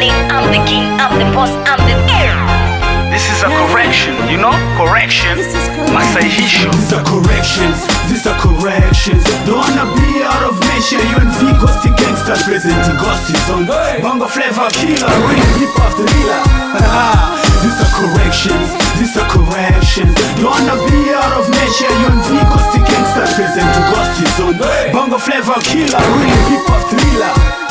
king, I'm the king, I'm the boss, I'm the king. This is a correction, you know? Correction, masahisho. These are corrections, these are corrections. Don't wanna be out of measure, you and V ghosty gangsters presenting ghosty song. Hey. Bongo flavor killer, ring hip of the leader. these are corrections, these are corrections. Don't wanna be out of measure, you and V ghosty gangsters presenting ghosty song. Hey. Bongo flavor killer, ring hip of thriller.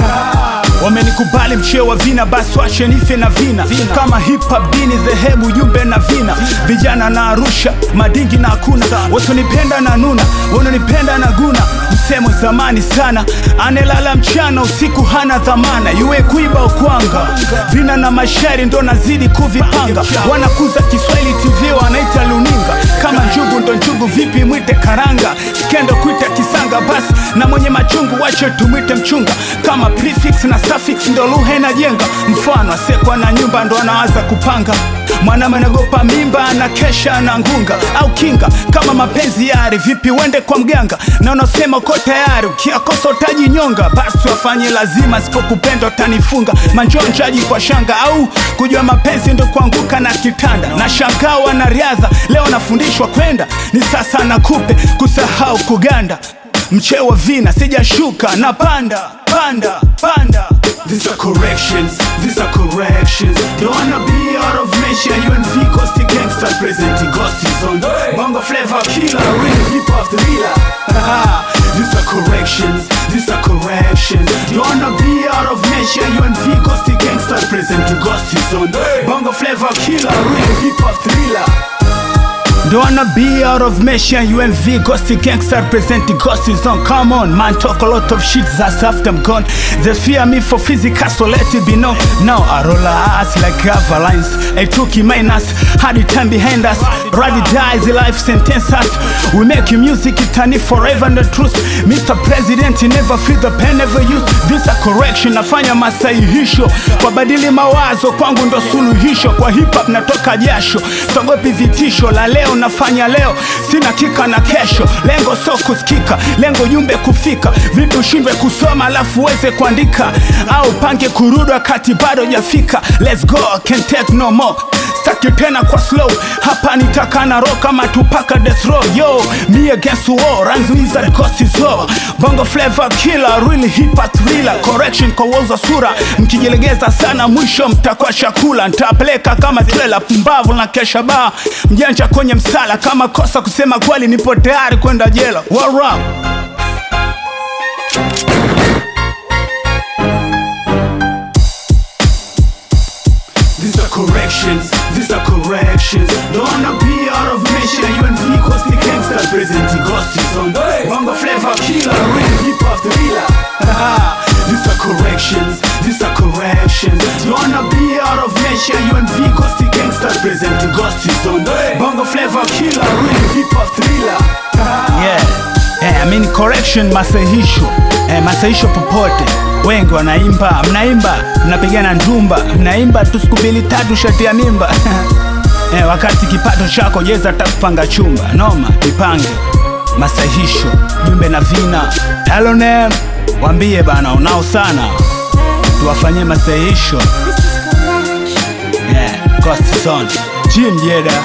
Wamenikubali mcheo wa vina, basi wache nife na vina, vina. Kama hip hop dini dhehebu yumbe na vina vijana na Arusha madingi na hakuna wasionipenda na nuna wanonipenda na guna msemo zamani sana anelala mchana usiku hana dhamana yuwe kuiba ukwanga vina na mashari ndo nazidi kuvipanga wanakuza Kiswahili TV wanaita luninga kama njugu ndo njugu, vipi mwite karanga, skendo kuite kisanga, basi na mwenye machungu washo tumwite mchunga. Kama prefix na suffix ndo lugha inajenga, mfano asekwa na nyumba ndo anaanza kupanga mwanama nagopa mimba na kesha na ngunga au kinga kama mapenzi yari vipi, wende kwa mganga na unasema uko tayari, ukiakosa utaji nyonga, Basi wafanye lazima, sipokupenda utanifunga. Manjonjaji kwa shanga au kujua mapenzi ndo kuanguka na kitanda na shangaa, wanariadha leo nafundisha nilipopandishwa kwenda, ni sasa nakupe kusahau kuganda. mche wa vina sijashuka na panda panda panda. These are corrections, these are corrections. You wanna be out of mention, you and V Coasty Gangsta presenting Coasty Zone. Bongo flavor killer, real hip hop thriller. These are corrections, these are corrections. You wanna be out of mention, you and V Coasty Gangsta presenting Coasty Zone. Bongo flavor killer, real hip hop thriller. Don't wanna be out of measure UMV Ghost gangster presenting ghost is on Come on man talk a lot of shit that's after I'm gone They fear me for physical so let it be known Now I roll our ass like avalanche A took in minus had it time behind us Rally dies life sentence us We make music it turn it forever and the truth Mr. President you never feel the pain never used This a correction nafanya masahihisho Kwa badili mawazo kwangu ndo suluhisho Kwa hip hop natoka jasho Sogopi vitisho la leo nafanya leo sina kika na kesho. Lengo so kusikika, lengo jumbe kufika. Vipi ushindwe kusoma alafu uweze kuandika, au pange kurudwa wakati bado jafika Let's go, can't take no more jipena kwa slow hapa nitaka na rock kama tupaka death row yo me against the war runs wizard cost is low bongo flavor killer really hip hop thriller correction kwa wazo sura mkijilegeza sana mwisho mtakwa chakula nitapeleka kama trailer pumbavu na kesha ba mjanja kwenye msala kama kosa kusema kweli nipo tayari kwenda jela warap representing gossips on Mamba flavor killer, real hip hop thriller. These are corrections, these are corrections. You wanna be out of measure, you and V Ghost Gossy Gangsta presenting gossips on Bongo flavor killer, real hip hop thriller. yeah. Eh, I mean correction masahisho eh, masahisho popote wengi wanaimba mnaimba mnapigana njumba mnaimba tu siku mbili tatu shatia mimba eh, wakati kipato chako jeza takupanga chumba noma, ipange masahisho jumbe na vina Halonem, wambie bana unao sana, tuwafanyie masahisho yeah, cost zone jim jeda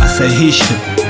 masahisho